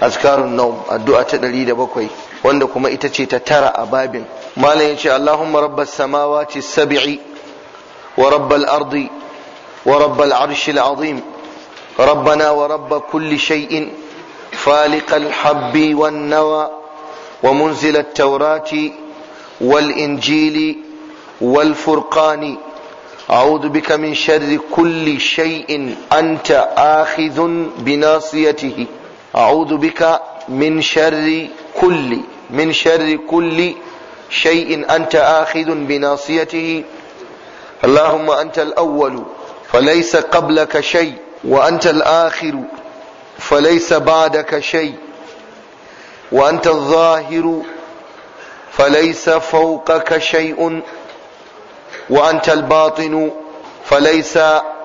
azkarun naum addu'a ta ɗari da bakwai wanda kuma ita ce ta tara a babin malam yace allahumma rabbas samawati sab'i wa rabbal ardi wa rabbal arshil azim ربنا ورب كل شيء فالق الحب والنوى ومنزل التوراة والإنجيل والفرقان أعوذ بك من شر كل شيء أنت آخذ بناصيته أعوذ بك من شر كل من شر كل شيء أنت آخذ بناصيته اللهم أنت الأول فليس قبلك شيء وأنت الآخر فليس بعدك شيء وأنت الظاهر فليس فوقك شيء وأنت الباطن فليس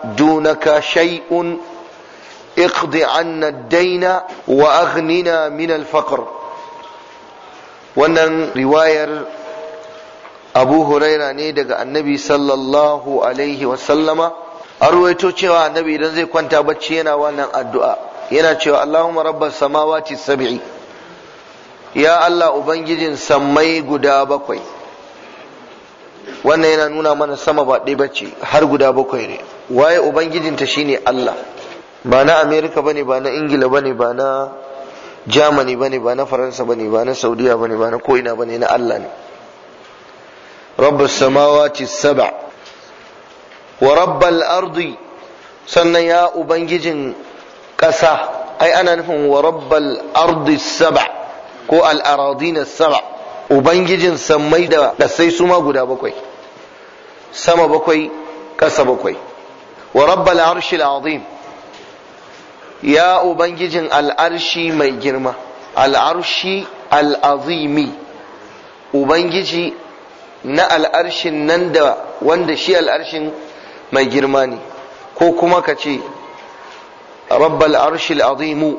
دونك شيء اقض عنا الدين واغننا من الفقر wannan riwayar abu huraira ne daga annabi sallallahu alaihi wasallama an ruwaito cewa annabi idan zai kwanta bacci yana wannan addu'a yana cewa allahumma rabbas samawati sab'i ya allah ubangijin sammai guda bakwai wannan yana nuna mana sama ba ɗaya bacci har guda bakwai ne waye ubangijinta shine allah ba na amerika bane ba na ingila bane ba na germany bane ba na faransa bane ba na saudiya bane ba na ko'ina bane na allah ne rabbus samawati saba wa rabbal ardi sannan ya ubangijin ƙasa ai ana nufin wa rabbal ardi saba ko na saba ubangijin sammai da ƙasai su ma guda bakwai sama bakwai ƙasa bakwai wa rabbal arshil azim ya ubangijin al'arshi mai girma al'arshi al'azimi ubangiji na al'arshin nan da wanda shi al'arshin mai girma ne ko kuma ka ce rabbal arshil al'azimu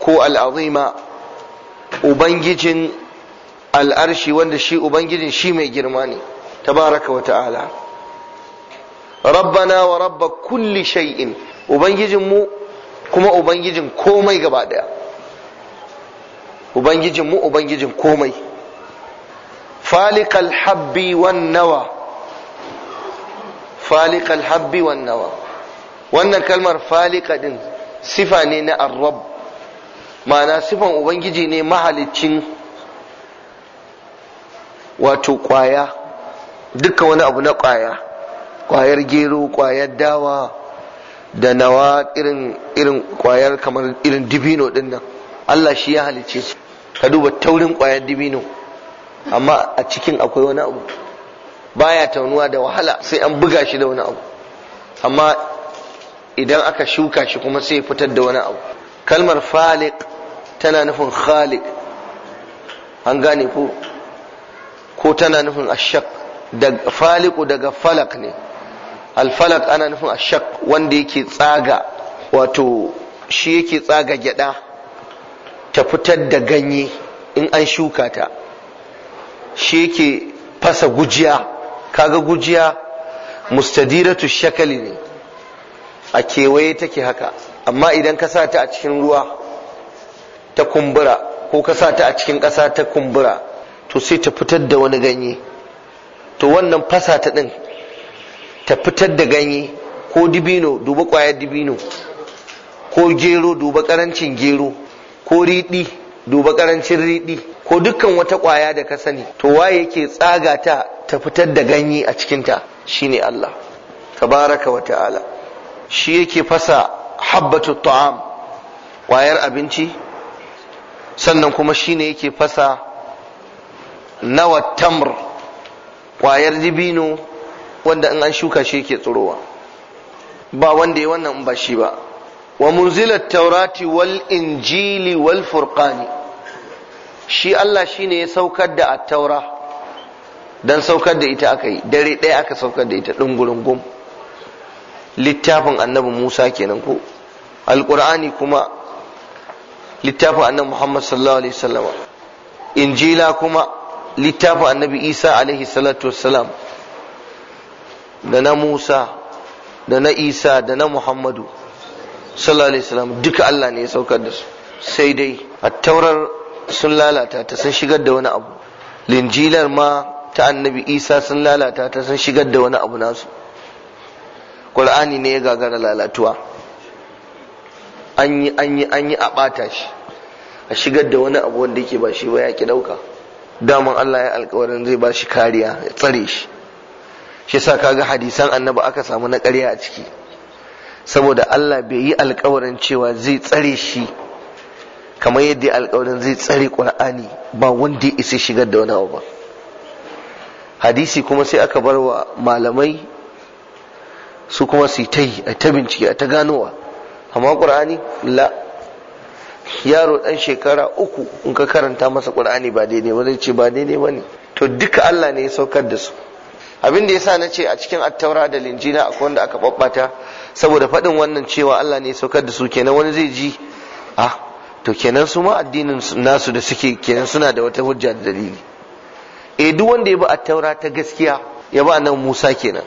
ko al'azima ubangijin al'arshi wanda shi ubangijin shi mai girma ne tabaraka wa ta'ala rabbana wa rabba kulli shay'in ubangijinmu kuma ubangijin komai gaba daya ubangijin mu ubangijin komai falikal habbi wan nawa falikal habbi wan nawa wannan kalmar falika din sifa ne na arab ma'ana sifan ubangiji ne mahalicin wato kwaya dukkan wani abu na kwaya kwayar gero kwayar dawa da nawa irin irin kwayar kamar irin dibino din nan Allah shi ya halice su ka duba taurin kwayar dibino amma a cikin akwai wani abu baya taunuwa da wahala sai an buga shi da wani abu amma idan aka shuka shi kuma sai fitar da wani abu kalmar falik tana nufin khalik an gane ko ko tana nufin ashak da faliku daga falak ne alfalak ana nufin ashak wanda yake tsaga wato shi yake tsaga gyada ta fitar da ganye in an shuka ta shi yake fasa gujiya kaga gujiya mustadiratu shakali ne a kewaye take haka amma idan ka sa ta a cikin ruwa ta kumbura ko ka sa a cikin ƙasa ta kumbura to sai ta fitar da wani ganye to wannan fasa ta ɗin ta fitar da ganye ko dibino duba kwayar dibino ko gero duba karancin gero ko riɗi duba karancin riɗi ko dukkan wata kwaya da ka sani to waye yake tsaga ta ta fitar da ganye a cikinta shine Allah tabaraka wa ta'ala shi yake fasa habbatu ta'am kwayar abinci sannan kuma shine yake fasa nawa tamr kwayar dibino wanda in an shuka shi yake tsirowa ba wanda ya wannan in ba shi ba wa munzilat taurati wal injili wal furqani shi Allah shine ya saukar da at-taura dan saukar da ita aka yi dare ɗaya aka saukar da ita gum. littafin annabi Musa kenan ko alqur'ani kuma littafin annabi Muhammad sallallahu alaihi wasallam injila kuma littafin annabi Isa alaihi salatu wassalam da na Musa da na Isa da na Muhammadu sallallahu alaihi wasallam duka Allah ne ya saukar da su sai dai a taurar sun lalata ta sun shigar da wani abu linjilar ma ta annabi Isa sun lalata ta sun shigar da wani abu nasu Qur'ani ne ya gagara lalatuwa an yi an yi an yi a ɓata shi a shigar da wani abu wanda yake ba shi ba ya ki dauka daman Allah ya alkawarin zai ba shi kariya ya tsare shi shi yasa kaga hadisan annabi aka samu na ƙarya a ciki saboda Allah bai yi alkawarin cewa zai tsare shi kamar yadda alkawarin zai tsare Qur'ani ba wanda ya isa shigar da wani ba hadisi kuma sai aka bar wa malamai su kuma su ta yi a ta bincike a ta ganowa amma Qur'ani la yaro ɗan shekara uku in ka karanta masa Qur'ani ba daidai ba zai ce ba daidai ba ne to duka Allah ne ya saukar da su abin da yasa nace a cikin attaura da linjila akwai wanda aka babbata saboda faɗin wannan cewa Allah ne saukar da su kenan wani zai ji ah to kenan su ma addinin nasu da suke kenan suna da wata hujja da dalili eh duk wanda ya bi attaura ta gaskiya ya ba nan Musa kenan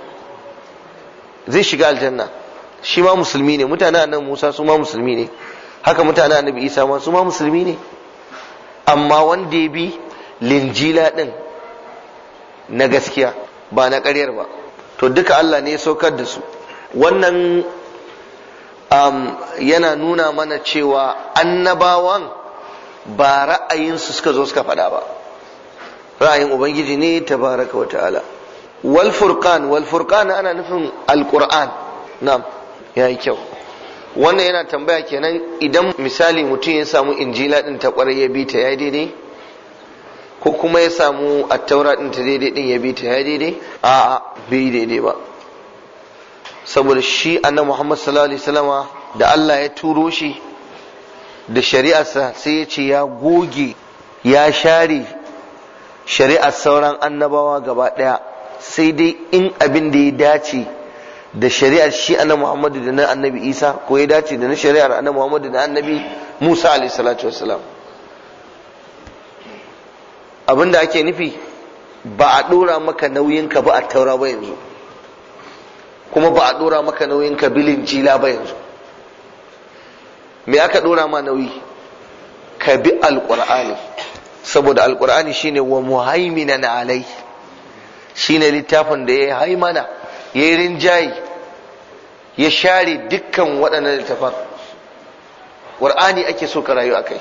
zai shiga aljanna shi ma musulmi ne mutanen nan Musa su ma musulmi ne haka mutanen annabi Isa ma su ma musulmi ne amma wanda ya bi linjila din na gaskiya ba na ƙaryar ba to duka Allah ne ya saukar da su wannan um, yana nuna mana cewa annabawan ba ra'ayinsu suka zo suka faɗa ba ra'ayin ubangiji ne tabaraka wa ta'ala wal furqan wal furqan ana nufin alquran na'am yayi kyau wannan yana tambaya kenan idan misali mutum ya samu injila din ta ƙwarai, ya bi ta yayi daidai ko kuma ya samu taura din ta daidai din ya bi ta ya daidai a bai daidai ba saboda shi annabi Muhammad sallallahu alaihi wasallama da Allah ya turo shi da shari'arsa sai ya ce ya goge ya share shari'ar sauran annabawa gaba daya sai dai in abin da ya dace da shari'ar shi annabi Muhammadu da na annabi Isa ko ya dace da na shari'ar annabi Muhammad da annabi Musa alaihi salatu wassalam abinda ake nufi ba a ɗora maka nauyinka ba a taura ba yanzu kuma ba a ɗora maka nauyinka bilin jila ba yanzu me aka ɗora ma nauyi ka bi alƙur'ani saboda alƙur'ani shine wa muhaiminan alai shine littafin da ya haimana ya yi rinjaye ya share dukkan waɗannan littafan ƙur'ani ake so ka rayu a kai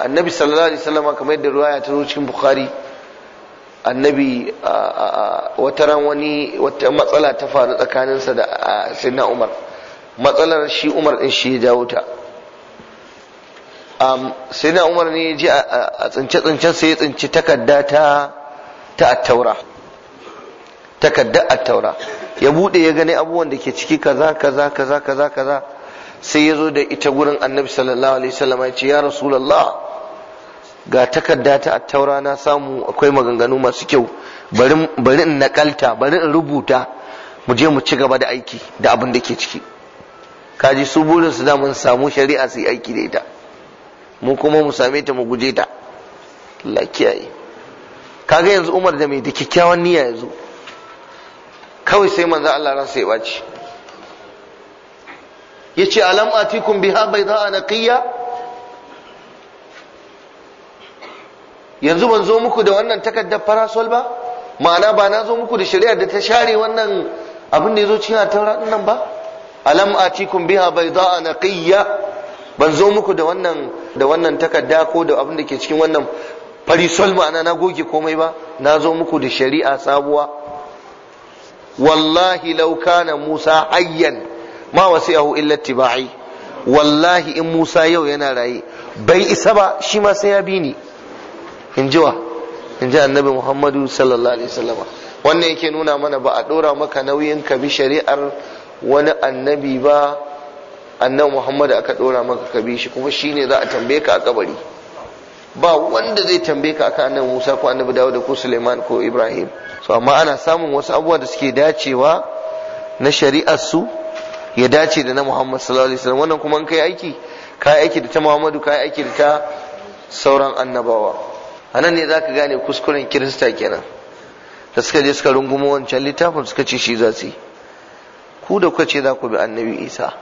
annabi sallallahu alaihi wasallam kamar yadda ruwaya ta zo cikin bukhari annabi wata ran wani wata matsala ta faru tsakaninsa da sayyidina umar matsalar shi umar din shi ya jawo ta sayyidina umar ne ya ji a tsince tsincen sai ya tsinci takarda ta ta attaura takarda attaura ya bude ya gani abubuwan da ke ciki kaza kaza kaza kaza kaza sai ya zo da ita gurin annabi sallallahu alaihi wasallam ya ce ya rasulullah ga takarda ta attaura na samu akwai maganganu masu kyau bari in nakalta bari in rubuta mu je mu ci gaba da aiki da abin da ke ciki kaji su burin su mun samu shari'a su yi aiki da ita mu kuma mu same ta mu guje ta lakiyayi kaga yanzu Umar da mai da kyakkyawan niyya yanzu kawai sai manzo Allah sai ya baci yace alam atikum biha a naqiya yanzu ban zo muku da wannan takardar farasol ba ma'ana ba na zo muku da shari'ar da ta share wannan abin da ya zo cikin ataura nan ba alam a atikum biha bayda'a naqiyya ban zo muku da wannan da wannan takarda ko da abin da ke cikin wannan farisol ma'ana na goge komai ba na zo muku da shari'a sabuwa wallahi law kana musa hayyan ma yahu illa tibai wallahi in musa yau yana raye bai isa ba shi ma sai ya bi ni in wa in ji annabi muhammadu sallallahu alaihi wasallama wannan yake nuna mana ba a ɗora maka nauyin ka bi shari'ar wani annabi ba annan muhammadu aka ɗora maka ka bi shi kuma shine za a tambaye ka a kabari ba wanda zai tambaye ka akan annabi musa ko annabi dawud ko suleiman ko ibrahim so amma ana samun wasu abubuwa da suke dacewa na shari'ar su ya dace da na muhammad sallallahu alaihi wasallam wannan kuma in kai aiki kai aiki da ta muhammadu kai aiki da ta sauran annabawa a nan ne za ka gane kuskuren kirista kenan da suka je suka rungumo wancan littafin suka ce shi za su yi ku da kuka ce za ku bi annabi isa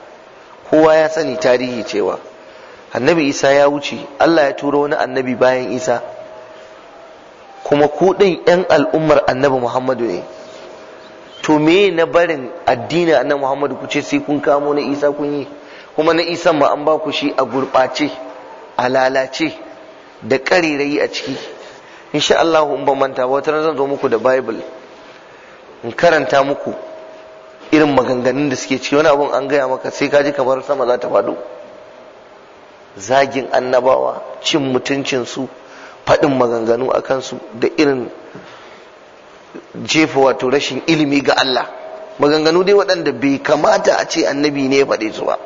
kowa ya sani tarihi cewa annabi isa ya wuce allah ya turo wani annabi bayan isa kuma ku 'yan al'ummar annabi muhammadu ne to me na barin addini annabi muhammadu ku ce sai kun kamo na isa kun yi kuma na isan ma an ba ku shi a gurɓace a lalace da ƙarirai a ciki insha Allah in ba manta ba wata zan zo muku da bible in karanta muku irin maganganun da suke ciki wani abun an gaya maka sai ka ji kamar sama za ta faɗo zagin annabawa cin mutuncin su faɗin maganganu a kansu da irin jefa wato rashin ilimi ga Allah maganganu dai waɗanda bai kamata a ce annabi ne ya faɗe su ba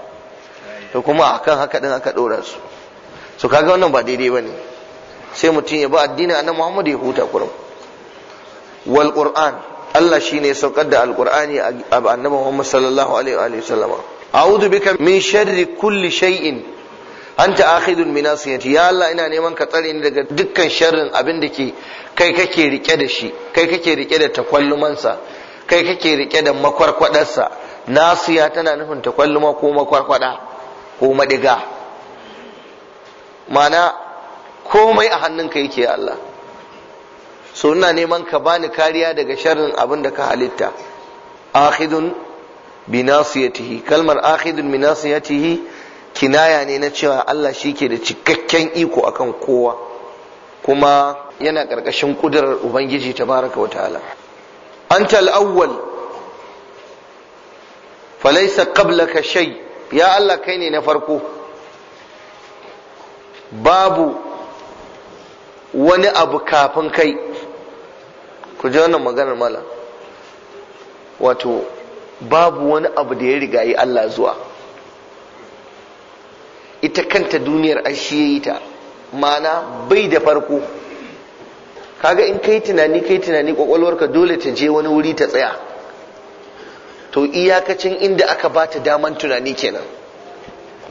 to kuma akan haka ɗin aka ɗora su so kaga wannan ba daidai ba ne. sai mutum ya ba addini annabi Muhammad ya huta kurum wal qur'an Allah shine ya saukar da alqur'ani a annabi Muhammad sallallahu alaihi wa sallama a'udhu bika min sharri kulli shay'in anta akhidun min nasiyati ya Allah ina neman ka tsare ni daga dukkan sharrin abin da ke kai kake rike da shi kai kake rike da takwallumansa kai kake rike da makwarkwadarsa nasiya tana nufin takwalluma ko makwarkwada ko madiga mana komai a hannunka yake Allah so ina neman ka bani kariya daga sharrin abin da ka halitta akhidun bi nasiyatihi kalmar akhidun bi nasiyatihi kinaya ne na cewa Allah shike da cikakken iko akan kowa kuma yana karkashin kudurar ubangiji tabaraka wa ta'ala anta al-awwal falaysa qablaka shay ya Allah kai ne na farko babu wani abu kafin kai ku ji wannan maganar mala wato babu wani abu da ya riga yi Allah zuwa ita kanta duniyar ashe yi ta mana bai da farko kaga in kai tunani kai tunani kwakwalwarka dole ta je wani wuri ta tsaya to iyakacin inda aka ba ta daman tunani kenan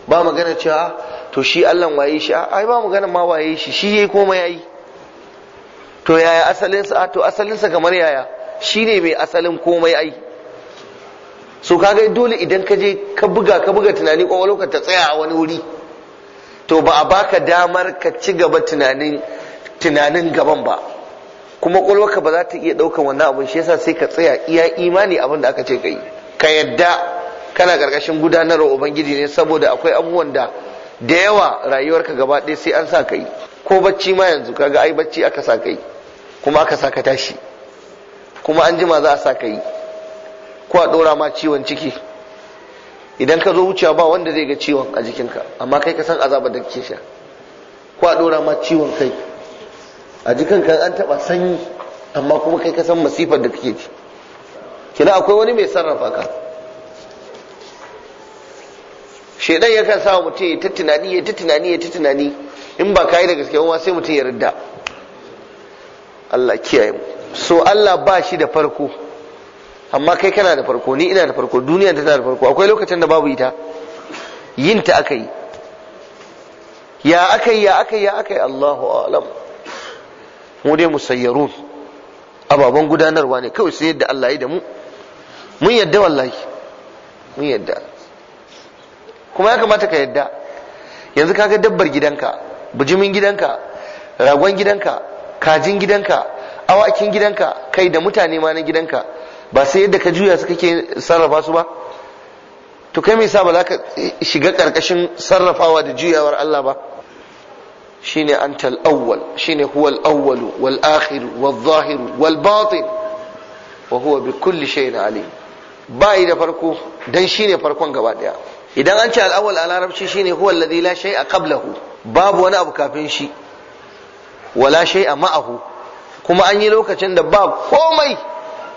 ba magana cewa to shi Allah waye shi ai ba magana ma waye shi shi yayi komai yayi to yaya asalin sa to asalin sa kamar yaya shine mai asalin komai ai so kaga dole idan ka je ka buga ka buga tunani ko lokacin ta tsaya a wani wuri to ba a baka damar ka ci gaba tunanin tunanin gaban ba kuma kwakwalwarka ba za ta iya ɗaukan wannan abin shi yasa sai ka tsaya iya imani abin da aka ce ka yi ka yadda kana ƙarƙashin gudanarwa ubangiji ne saboda akwai abubuwan da da yawa rayuwarka gaba ɗaya sai an sa ka yi ko bacci ma yanzu kaga ai bacci aka sa ka yi kuma aka sa ka tashi kuma an jima za a sa ka yi ko a ɗora ma ciwon ciki idan ka zo wucewa ba wanda zai ga ciwon a jikinka amma kai ka san azabar da kake sha ko a ɗora ma ciwon kai a jikinka an taɓa sanyi amma kuma kai ka san masifar da kake ci kina akwai wani mai sarrafa ka shedan yakan sa mutum ya ta tunani ya ta tunani ya ta tunani in ba ka yi da gaske ma sai mutum ya rida Allah kiyaye mu so Allah ba shi da farko amma kai kana da farko ni ina da farko duniya tana da farko akwai lokacin da babu ita yin ta aka yi ya aka yi ya aka yi ya aka yi Allahu alam mu dai musayyarun ababen gudanarwa ne kawai sai yadda Allah ya da mu mun yadda wallahi mun yadda kuma ya kamata ka yadda yanzu kaga dabbar gidanka bujimin gidanka ragon gidanka kajin gidanka awakin gidanka kai da mutane ma na gidanka ba sai yadda ka juya su kake sarrafa su ba to kai me yasa ba za ka shiga karkashin sarrafawa da juyawar Allah ba shine antal awwal shine huwal awwalu wal akhir wal zahir wal batin wa huwa bi kulli shay'in alim bai da farko dan shine farkon gaba daya idan an ce al'awwal a larabci shine huwa ladi la shai a qablahu babu wani abu kafin shi wala shai shay'a ma'ahu kuma an yi lokacin da ba komai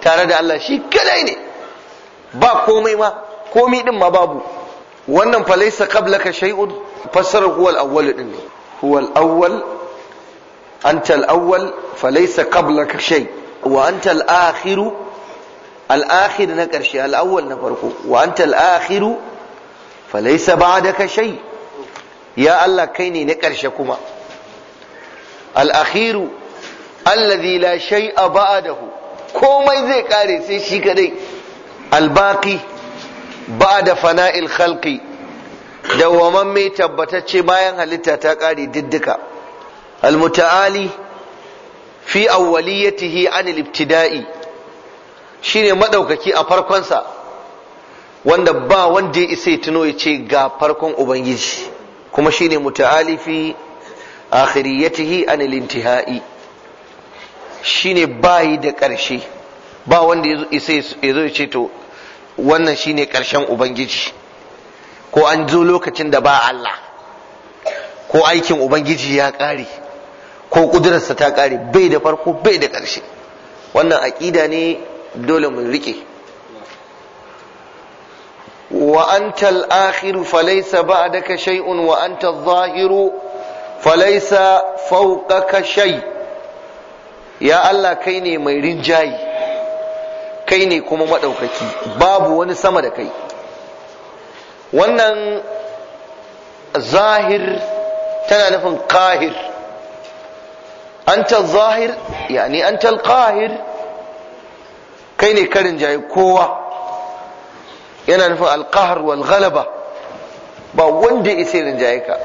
tare da Allah shi kadai ne ba komai ma komai din ma babu wannan falaisa qablaka shay'un fassara huwa al-awwal din ne huwa al-awwal anta al-awwal fa qablaka shay wa anta al-akhiru al-akhir na karshe al-awwal na farko wa anta al-akhiru falaisa ba'daka shai ya Allah kai ne na ƙarshe kuma al-akhiru alladhi la a ba'dahu komai zai kare sai shi kadai albaki baqi ba'da fana'il khalqi dawwaman mai tabbatacce bayan halitta ta kare diddika al-muta'ali fi awwaliyatihi an al Shi ne maɗaukaci a farkonsa wanda ba wanda ya isa ya tuno ya ce ga farkon ubangiji kuma shine muta'alifi akhiriyatihi anil intihai shine bayi da ƙarshe ba wanda ya zo ya ce to wannan shine ƙarshen ubangiji ko an zo lokacin da ba Allah ko aikin ubangiji ya ƙare ko ƙudurarsa ta ƙare bai da farko bai da ƙarshe wannan aƙida ne dole mu riƙe وأنت الآخر فليس بعدك شيء وأنت الظاهر فليس shai. Ya Allah kai كيني mai rinjayi kai ne kuma maɗaukaki babu wani sama da kai wannan zahir tana nufin kahir anta zahir yani anta alqahir kai ne karin jayi kowa yana nufin alqahar wal galaba ba wanda ya isa rinjaye ka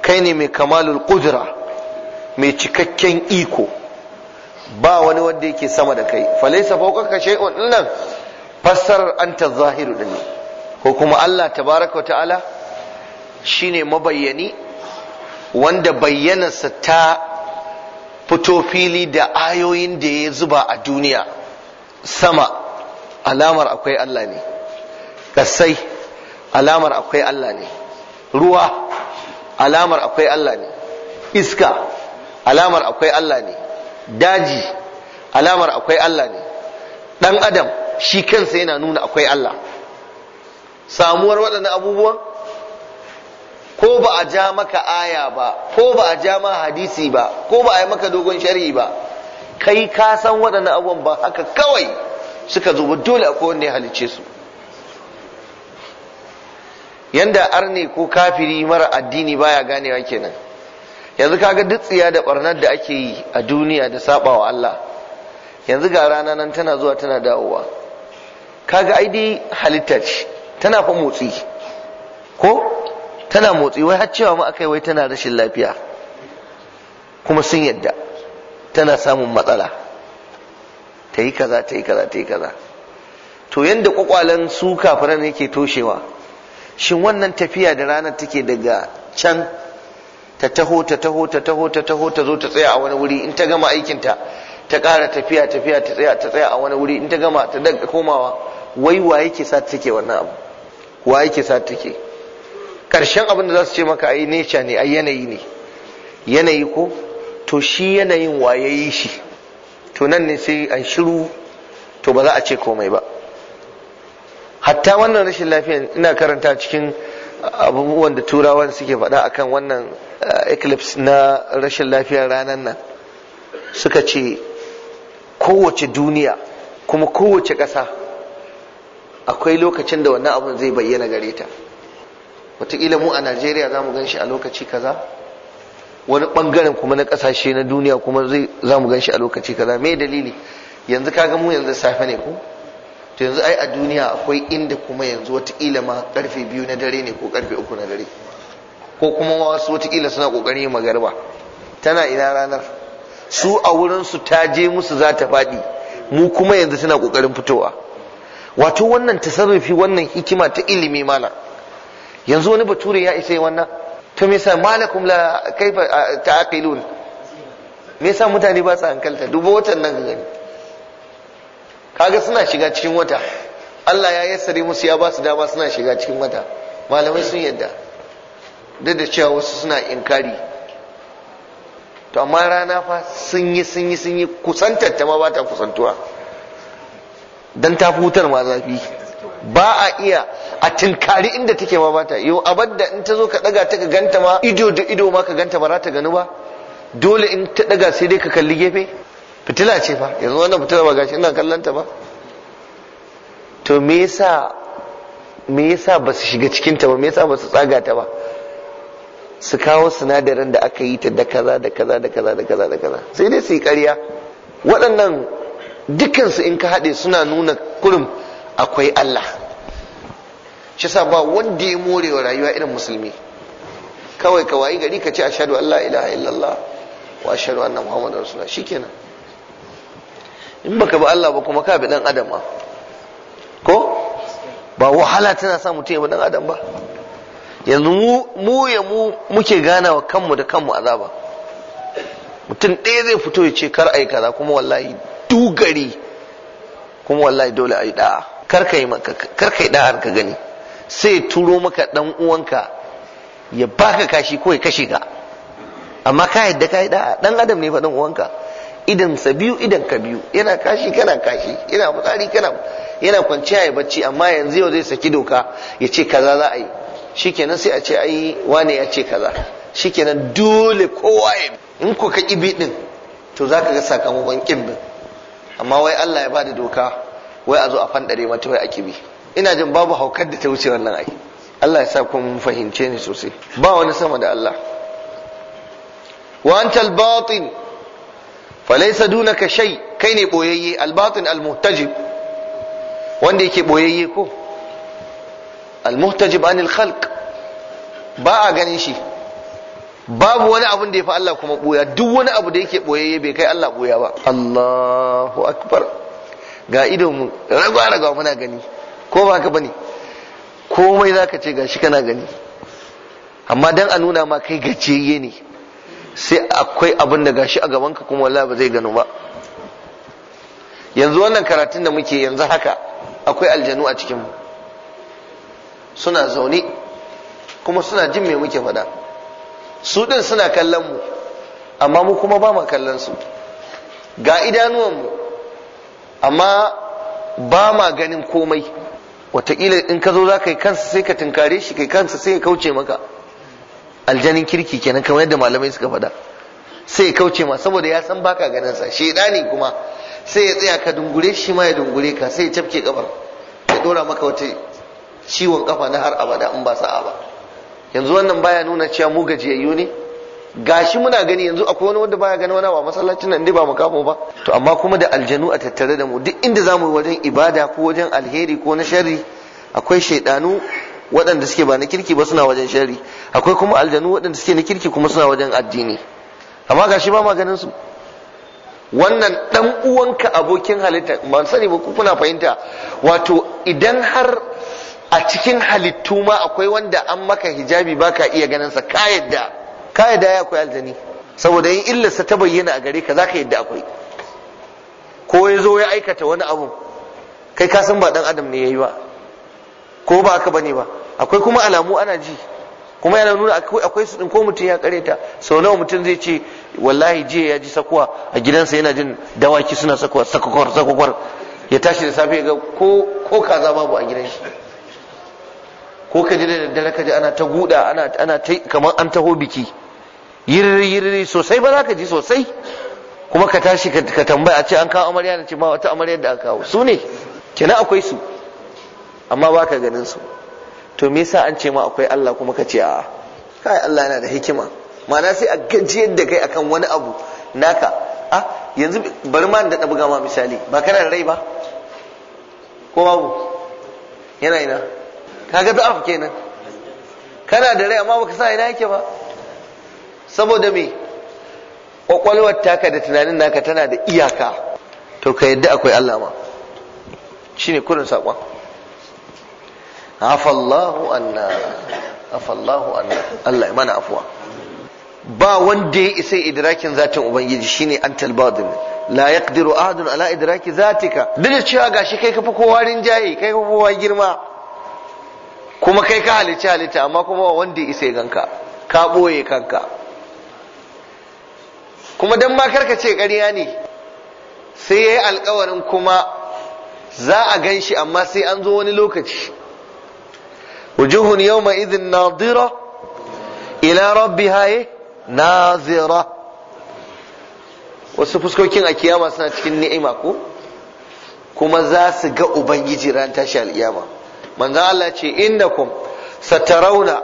kai ne mai kamalul kudura? mai cikakken iko ba wani wanda yake sama da kai falaisa ka shai'un nan fassarar ta zahiru ɗin ko kuma Allah tabaraka wa ta'ala shine mabayyani wanda bayyanarsa ta fito fili da ayoyin da ya zuba a duniya sama alamar akwai Allah ne Kassai, alamar akwai Allah ne ruwa alamar akwai Allah ne iska alamar akwai Allah ne daji alamar akwai Allah ne dan adam shi kansa yana nuna akwai Allah samuwar waɗannan abubuwan ko ba a ja maka aya ba ko ba a ja ma hadisi ba ko ba a yi maka dogon shari'i ba kai ka san waɗannan abubuwan ba haka kawai suka zo ba dole akwai wanda ya halicce su yanda arne ko kafiri mara addini baya ganewa kenan yanzu kaga duk tsiya da barnar da ake yi a duniya da sabawa Allah yanzu ga rana nan tana zuwa tana dawowa kaga ai dai halitta ce tana fa motsi ko tana motsi wai har cewa mu akai wai tana rashin lafiya kuma sun yadda tana samun matsala ta yi kaza ta yi kaza ta yi kaza to yanda kwakwalen su kafiran yake toshewa shin wannan tafiya da ranar take daga can ta taho ta taho ta taho ta taho ta zo ta tsaya a wani wuri in ta gama aikinta ta ƙara tafiya tafiya ta tsaya ta tsaya a wani wuri in ta gama ta daga komawa wai wa yake sa take wannan abu wa yake sa take karshen abin da za su ce maka ai nature ne ai yanayi ne yanayi ko to shi yanayin waye yi shi to nan ne sai an shiru to ba za a ce komai ba hatta wannan rashin lafiya ina karanta cikin abubuwan da turawan suke faɗa akan wannan eh, eclipse na rashin lafiyar ranar nan suka ce kowace duniya kuma kowace kasa, akwai lokacin da wannan abun zai bayyana gare ta wataƙila mu a najeriya za mu gan shi a lokaci kaza wani bangaren kuma na ƙasashe na duniya kuma za mu gan shi a lokaci kaza me dalili yanzu kaga mu yanzu safe ne ko to yanzu ai a duniya akwai inda kuma yanzu wataƙila ma karfe biyu na dare ne ko karfe uku na dare ko kuma wasu wataƙila suna ƙoƙarin yin magarba tana ina ranar su a wurinsu ta je musu za ta faɗi mu kuma yanzu suna ƙoƙarin fitowa wato wannan tasarrufi wannan hikima ta ilimi mana yanzu wani bature ya isa wannan to me yasa malakum la kaifa ta'qilun me yasa mutane ba su hankalta duba watan nan gani kaga suna shiga cikin wata Allah ya yassare musu ya ba su dama suna shiga cikin wata malamai sun yadda duk da cewa wasu suna inkari to amma rana fa sun yi sun yi sun yi kusantar ta ma ba ta kusantuwa dan ta hutar ma zafi ba a iya a tinkari inda take ma bata yau abadda in ta zo ka daga ta ka ganta ma ido da ido ma ka ganta ba za ta gani ba dole in ta daga sai dai ka kalli gefe fitila ce fa yanzu wannan fitila ba gashi ina kallanta ba to me yasa me yasa ba su shiga cikin ta ba me yasa ba su tsaga ta ba su kawo sinadarin da aka yi ta da kaza da kaza da kaza da kaza da kaza sai dai su yi ƙarya waɗannan su in ka haɗe suna nuna kurum akwai Allah shi sa ba wanda ya more wa rayuwa irin musulmi kawai ka wayi gari ka ce ashhadu an la ilaha illallah wa ashhadu anna muhammadar rasulullah shikenan in baka bi Allah ba kuma ka bi dan adam ba ko ba wahala tana sa mutum ya bi dan adam ba yanzu mu ya mu muke ganawa kanmu da kanmu azaba mutum ɗaya zai fito ya ce kar ai kaza kuma wallahi dugari kuma wallahi dole ai da kar kai kar kai har ka gani sai turo maka dan uwanka ya baka kashi ko ya kashe ka amma ka yadda ka yi da dan adam ne fa dan uwanka idansa biyu idan ka biyu yana kashi kana kashi yana fitsari kana yana kwanciya ya bacci amma yanzu yau zai saki doka ya ce kaza za a yi shikenan sai a ce ai wane ya ce kaza shikenan dole kowa ya in ko ka kibi din to zaka ga sakamakon kibin amma wai Allah ya ba da doka wai a zo a fandare mata wai a kibi ina jin babu haukar da ta wuce wannan ai Allah ya sa kun fahimce ni sosai ba wani sama da Allah wa antal batin falaisa dunaka shay kai ne boyayye albatin almuhtajib wanda yake boyayye ko almuhtajib anil khalq ba a ganin shi babu wani abu da ya fi Allah kuma boya duk wani abu da yake boyayye bai kai Allah boya ba Allahu akbar ga idon mu ragwa ragwa muna gani ko ba haka bane komai zaka ce gashi kana gani amma dan a nuna ma kai gaceye ne sai akwai abin da gashi a gaban ka kuma wallahi ba zai gano ba yanzu wannan karatun da muke yanzu haka akwai aljanu a cikin suna zaune kuma suna jin me muke faɗa su ɗin suna kallon mu amma mu kuma ba ma kallon su ga idanuwanmu amma ba ma ganin komai wataƙila in ka zo za ka yi kansa sai ka tinkare shi kai kansa sai ka kauce maka aljanin kirki kenan kamar yadda malamai suka faɗa sai ya kauce ma saboda ya san baka ganin sa shedani kuma sai ya tsaya ka dungure shi ma ya dungure ka sai ya cafke kafar ya dora maka wata ciwon kafa na har abada in ba sa'a ba yanzu wannan baya nuna cewa mu gajiyayyu ne gashi muna gani yanzu akwai wani wanda baya gani wani ba masallacin nan dai ba mu kafa ba to amma kuma da aljanu a tattare da mu duk inda zamu wajen ibada ko wajen alheri ko na sharri akwai shaidanu waɗanda suke ba na kirki ba suna wajen shari akwai kuma aljanu waɗanda suke na kirki kuma suna wajen addini amma gashi ba maganin su wannan dan uwanka abokin halitta ban sani ba kuna fahimta wato idan har a cikin halittu ma akwai wanda an maka hijabi baka iya ganin sa ka yadda ka yadda ya akwai aljani saboda in illarsa ta bayyana a gare ka zaka yadda akwai ko ya zo ya aikata wani abu kai ka san ba dan adam ne yayi ba ko ba aka bane ba akwai kuma alamu ana ji kuma yana nuna akwai su din ko mutum ya kare ta sau nawa mutum zai ce wallahi jiya ya ji sakuwa a gidansa yana jin dawaki suna sakuwa sakukwar sakukwar ya tashi da safe ga ko ko kaza babu a gidan shi ko ka ji da daddare ka ji ana ta guda ana ana ta kamar an taho biki yirri yirri sosai ba za ka ji sosai kuma ka tashi ka tambaya a ce an kawo amarya na ce ma wata amarya da aka kawo su ne kina akwai su amma ba ka ganin su to me yasa an ce ma akwai Allah kuma ka ce a'a kai Allah yana da hikima ma'ana sai a gajiyar da kai akan wani abu naka a yanzu bari ma da buga ma misali ba kana da rai ba ko babu yana ina kaga da'af kenan kana da rai amma baka sa ina yake ba saboda me kwakwalwar taka da tunanin naka tana da iyaka to ka yadda akwai Allah ma shine kurin saƙon afallahu anna afallahu anna Allah ya mana afuwa ba wanda ya isa idrakin zatin ubangiji shine antal badin la yaqdiru ahadun ala idraki zatika duk cewa gashi kai kafa kowa rinjaye kai kafa kowa girma kuma kai ka halicci halitta amma kuma ba wanda ya isa ganka ka boye kanka kuma dan ma karka ce ƙarya ne sai yayi alƙawarin kuma za a gan shi amma sai an zo wani lokaci wujuhun yawma idhin nadira ila rabbiha nazira wasu fuskokin a kiyama suna cikin ni'ima ku kuma za su ga ubangiji ran tashi al'iyama manzon Allah ce innakum satarawna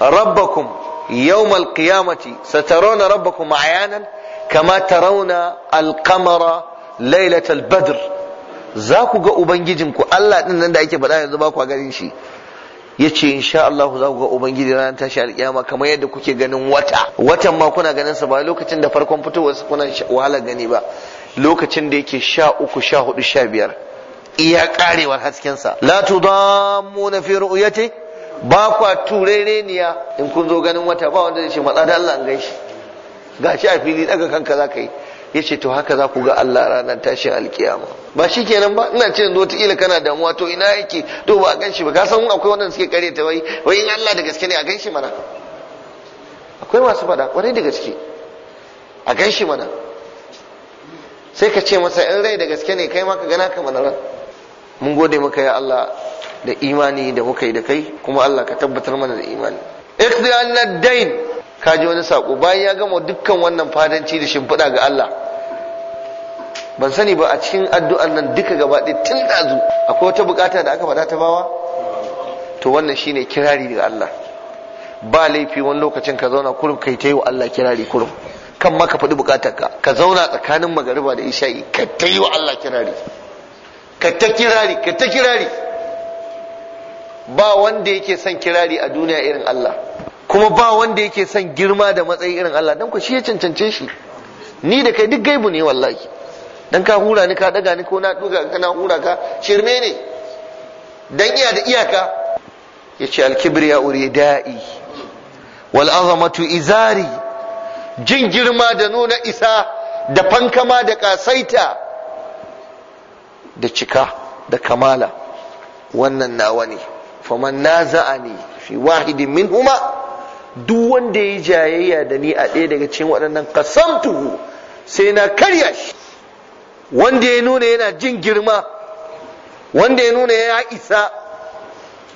rabbakum yawmal qiyamati satarawna rabbakum ayanan kama tarawna al-qamara lailatal badr za ku ga ubangijinku Allah din nan da ake faɗa yanzu ba ku ganin shi ya ce in sha Allah za ku ga ubangiji ranar tashi alƙiyama kamar yadda kuke ganin wata watan ma kuna ganin sa ba lokacin da farkon fitowar su kuna wahala gani ba lokacin da yake sha uku sha hudu sha biyar iya karewar hasken sa la na fi ru'yati ba kwa turereniya in kun zo ganin wata ba wanda zai ce matsa da Allah an gan gashi a fili daga kanka zaka yi ce to haka za ku ga Allah ranar tashin alkiyama ba shi kenan ba ina ce yanzu ila kana damuwa to ina yake to ba a ganshi ba ka san akwai wanda suke kare ta wai wai in Allah da gaske ne a ganshi mana akwai masu faɗa kwarai da gaske a ganshi mana sai ka ce masa in rai da gaske ne kai ma ka gana ka mana ran mun gode maka ya Allah da imani da muka yi da kai kuma Allah ka tabbatar mana da imani ikhdi annad dain ka ji wani sako bayan ya gama dukkan wannan fadanci da shimfiɗa ga Allah ban sani ba a cikin addu'an nan duka gaba ɗaya tun ɗazu akwai wata bukata da aka faɗa ta bawa to wannan shine kirari ga Allah ba laifi wani lokacin ka zauna kurum kai ta yi wa Allah kirari kurum kan ma ka faɗi bukatarka ka zauna tsakanin magariba da isha'i ka ta yi wa Allah kirari ka ta kirari ka ta kirari ba wanda yake son kirari a duniya irin Allah kuma ba wanda yake son girma da matsayi irin Allah dan ku shi ya cancance shi ni da kai duk gaibu ne wallahi dan ka hura ni ka daga ni ko na duga kana hura ka shirme ne dan iya da iyaka yace al-kibriya uridai wal azamatu izari jin girma da nuna isa da fankama da kasaita da cika da kamala wannan nawa ne faman naza'ani fi wahidin minhuma duk wanda ya jayayya da ni a ɗaya daga cikin waɗannan kasamtuhu sai na karya shi wanda ya nuna yana jin girma wanda ya nuna ya isa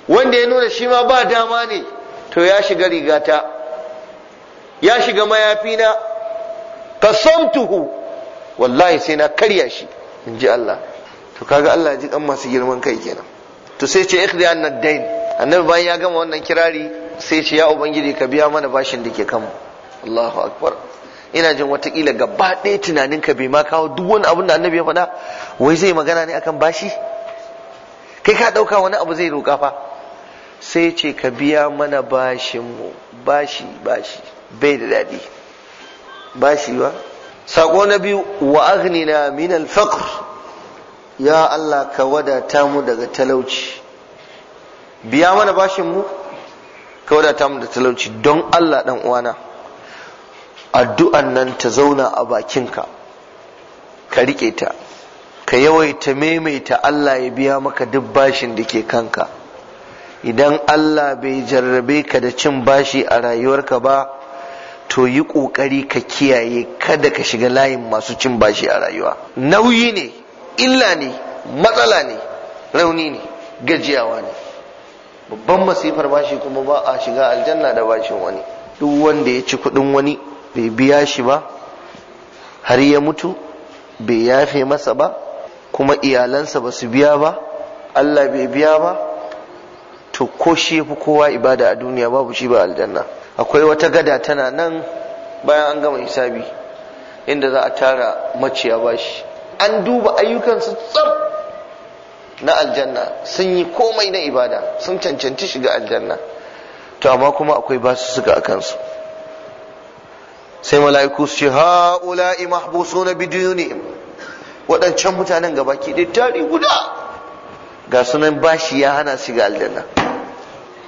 wanda ya nuna shi ma ba dama ne to ya shiga rigata ya shiga mayafi na kasamtuhu wallahi sai na karya shi in ji Allah to kaga Allah ji kan masu girman kai kenan to sai ce ikhdi annad dain annabi bayan ya gama wannan kirari sai ce ya ubangiji ka biya mana bashin da ke kanmu Allahu akbar ina jin watakila gaba ɗaya tunanin ka bai ma kawo duk wani abin da annabi ya faɗa wai zai magana ne akan bashi kai ka ɗauka wani abu zai roƙa fa sai ce ka biya mana bashinmu bashi bashi bai da daɗi bashi ba sako na biyu wa aghnina min al-faqr ya Allah ka wadata mu daga talauci biya mana bashinmu ka wadata mu da talauci don Allah dan uwana addu'an nan ta zauna a bakinka ka riƙe ta ka yawaita maimaita Allah ya biya maka duk bashin da ke kanka idan Allah bai jarrabe ka da cin bashi a rayuwarka ba to yi ƙoƙari ka kiyaye kada ka shiga layin masu cin bashi a rayuwa nauyi ne illa ne matsala ne rauni ne gajiyawa ne babban masifar bashi kuma ba a shiga aljanna da bashin wani duk wanda ya ci kuɗin wani bai biya shi ba har ya mutu bai yafe masa ba kuma iyalansa ba su biya ba Allah bai biya ba to ko shi fi kowa ibada a duniya babu shi ba aljanna akwai wata gada tana nan bayan an gama hisabi inda za a tara maciya shi. an duba ayyukansu tsab na aljanna sun yi komai na ibada sun cancanci shiga aljanna to amma kuma akwai basu suka a kansu sai mala'iku su ce ha'ula'i bidiyu ne. waɗancan mutanen gaba ke dai tari guda ga sunan bashi ya hana su ga aljanna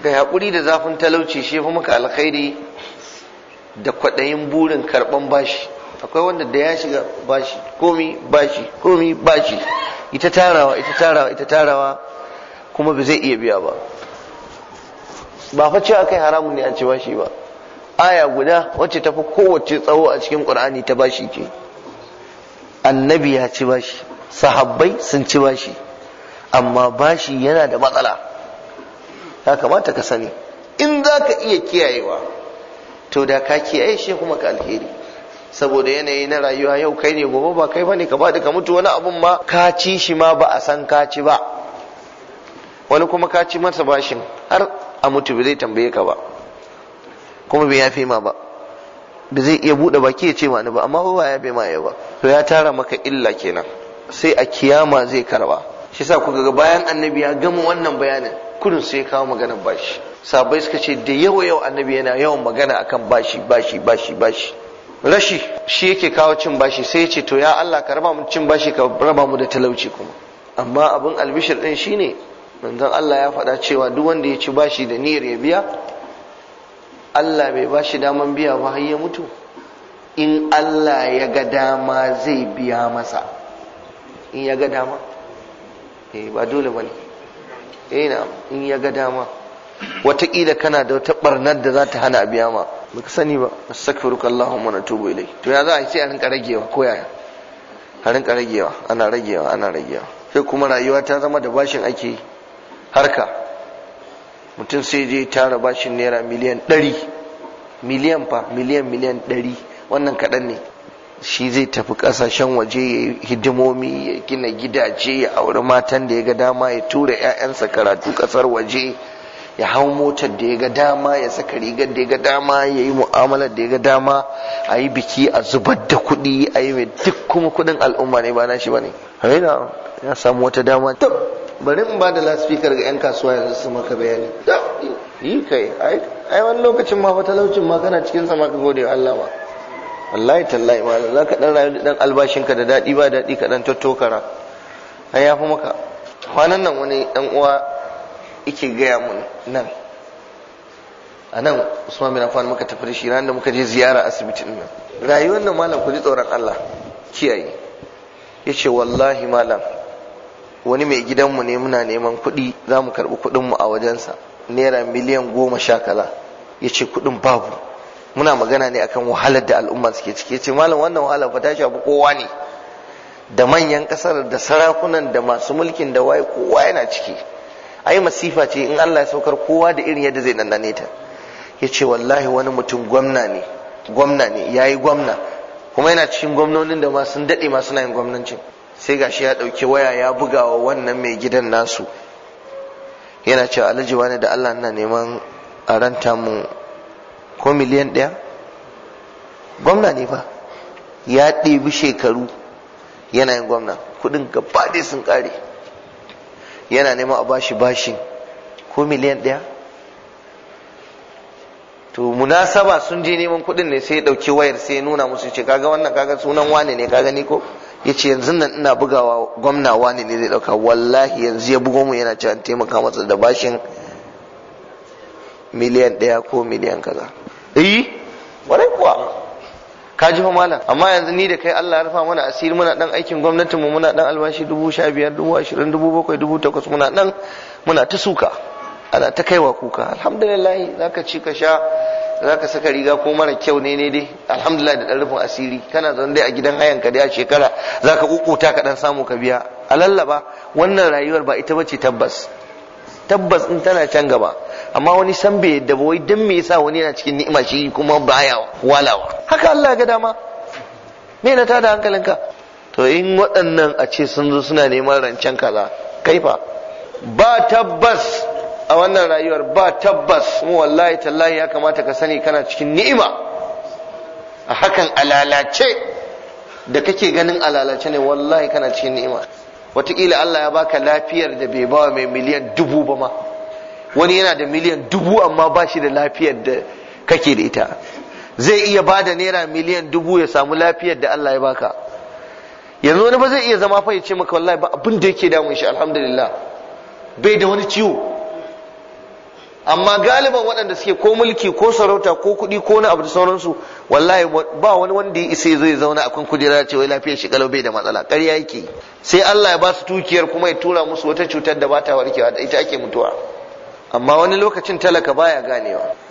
ga haƙuri da zafin talauci shi fi maka alkhairi da kwaɗayin burin karɓan bashi akwai wanda da ya shiga bashi komi bashi komi bashi ita tarawa ita tarawa ita tarawa kuma ba zai iya biya ba ba fa cewa kai haramun ne an ce bashi ba aya guda wacce ta fi kowace tsawo a cikin qur'ani ta bashi ke annabi ya ci bashi sahabbai sun ci bashi amma bashi yana da matsala ya kamata ka sani in za ka iya kiyayewa to da ka kiyaye shi kuma ka alheri saboda yanayi na rayuwa yau kai ne gobe ba kai bane ka ba da ka mutu wani abun ma ka ci shi ma ba a san ka ci ba wani kuma ka ci masa bashin har a mutu bai zai tambaye ka ba kuma bai yafe ma ba ba zai iya buɗe baki ya ce ma ni ba amma ba ya bai ma ya ba to ya tara maka illa kenan sai a kiyama zai karba shi sa kuka ga bayan annabi ya gama wannan bayanin kudin sai ya kawo magana bashi sabai suka ce da yawa yau annabi yana yawan magana akan bashi bashi bashi bashi rashi shi yake kawo cin bashi sai ya ce to ya Allah ka raba mu cin bashi ka raba mu da talauci kuma amma abin albishir din shine manzon Allah ya faɗa cewa duk wanda ya ci bashi da niyyar ya biya Allah bai ba shi daman biya ba har ya mutu in Allah ya ga dama zai biya masa in ya ga dama eh ba dole bane eh na in ya ga dama wataƙila kana da wata barnar da za ta hana a biya ma baka sani ba astaghfiruka allahumma natubu ilai to ya za a ce a rinka ragewa ko yaya a rinka ragewa ana ragewa ana ragewa sai kuma rayuwa ta zama da bashin ake harka mutum sai je tara bashin naira miliyan ɗari miliyan fa miliyan miliyan ɗari wannan kaɗan ne shi zai tafi ƙasashen waje ya hidimomi ya gina gidaje ya auri matan da ya ga dama ya tura 'ya'yansa karatu ƙasar waje ya hau motar da ya ga dama ya saka rigar da ya ga dama ya yi mu'amalar da ya ga dama a yi biki a zubar da kuɗi a yi mai duk kuma kuɗin al'umma ne ba na shi ba ne ya samu wata dama bari in ba da laspikar ga 'yan kasuwa yanzu su maka bayani yi kai ai wani lokacin ma fa talaucin ma kana cikin sama ka gode Allah ba wallahi tallahi ma za ka dan rayu dan albashin ka da dadi ba dadi ka dan tattokara ai yafi maka kwanan nan wani dan uwa yake gaya mun nan a nan Usman bin Affan muka tafi da shi ran da muka je ziyara asibitin nan rayuwar nan malam ku ji tsoron Allah kiyaye yace wallahi malam wani mai gidanmu ne muna neman kuɗi za mu karɓi kuɗinmu a wajensa naira miliyan goma sha kaza ya ce kuɗin babu muna magana ne akan wahalar da al'umma suke ciki ya ce malam wannan wahala fa ta shafi kowa ne da manyan ƙasar da sarakunan da masu mulkin da waye kowa yana ciki ai masifa ce in Allah ya saukar kowa da irin yadda zai nanane ta ya ce wallahi wani mutum gwamna ne gwamna ya yi gwamna kuma yana cikin gwamnonin da ma sun daɗe ma suna yin gwamnancin sai gashi ya ɗauki waya ya buga wa wannan mai gidan nasu yana cewa alhaji wani da allah na neman a ranta mu ko miliyan ɗaya gwamna ne fa ya ɗebi shekaru yana yin gwamna kuɗin gaba ɗaya sun ƙare yana neman a bashi bashin ko miliyan ɗaya to munasaba sun je neman kudin ne sai ya ɗauki wayar sai ya nuna musu ce kaga wannan kaga sunan wane ne kaga ni ko ya ce yanzu nan ina bugawa gwamna wani ne zai dauka, wallahi yanzu ya bugo mu yana cewa taimaka masa da bashin miliyan ɗaya ko miliyan kaza eh warai kuwa ka ji fa malam amma yanzu ni da kai Allah ya rufa mana asiri muna dan aikin gwamnatin mu muna dan albashi dubu sha biyar dubu ashirin dubu bakwai dubu takwas muna dan muna ta suka ana ta kaiwa kuka alhamdulillah zaka ci ka sha za ka saka riga ko mara kyau ne ne dai alhamdulillah da ɗan rufin asiri kana zan dai a gidan hayan ka dai a shekara za ka kukuta ka ɗan samu ka biya a lallaba wannan rayuwar ba ita bace tabbas tabbas in tana can gaba amma wani san bai yadda ba wai dan me yasa wani yana cikin ni'ima shi kuma baya walawa haka Allah ga dama me na tada hankalinka to in waɗannan a ce sun zo suna neman rancen kaza kaifa ba tabbas a wannan rayuwar ba tabbas mu wallahi tallahi ya kamata ka sani kana cikin ni'ima a hakan alalace da kake ganin alalace ne wallahi kana cikin ni'ima wataƙila Allah ya baka lafiyar da bai bawa mai miliyan dubu ba ma wani yana da miliyan dubu amma ba shi da lafiyar da kake da ita zai iya ba da naira miliyan dubu ya samu lafiyar da Allah ya baka yanzu wani ba zai iya zama fa ya ce maka wallahi ba abin da yake damun shi alhamdulillah bai da wani ciwo amma galiban waɗanda suke ko mulki ko sarauta ko kuɗi ko na abu da sauransu wallahi ba wani wanda ya isa zai zauna akan kujera ce wai lafiyar shi kalau bai da matsala ƙarya yake sai Allah ya ba su tukiyar kuma ya tura musu wata cutar da ba ta warkewa da ita ake mutuwa amma wani lokacin talaka baya ganewa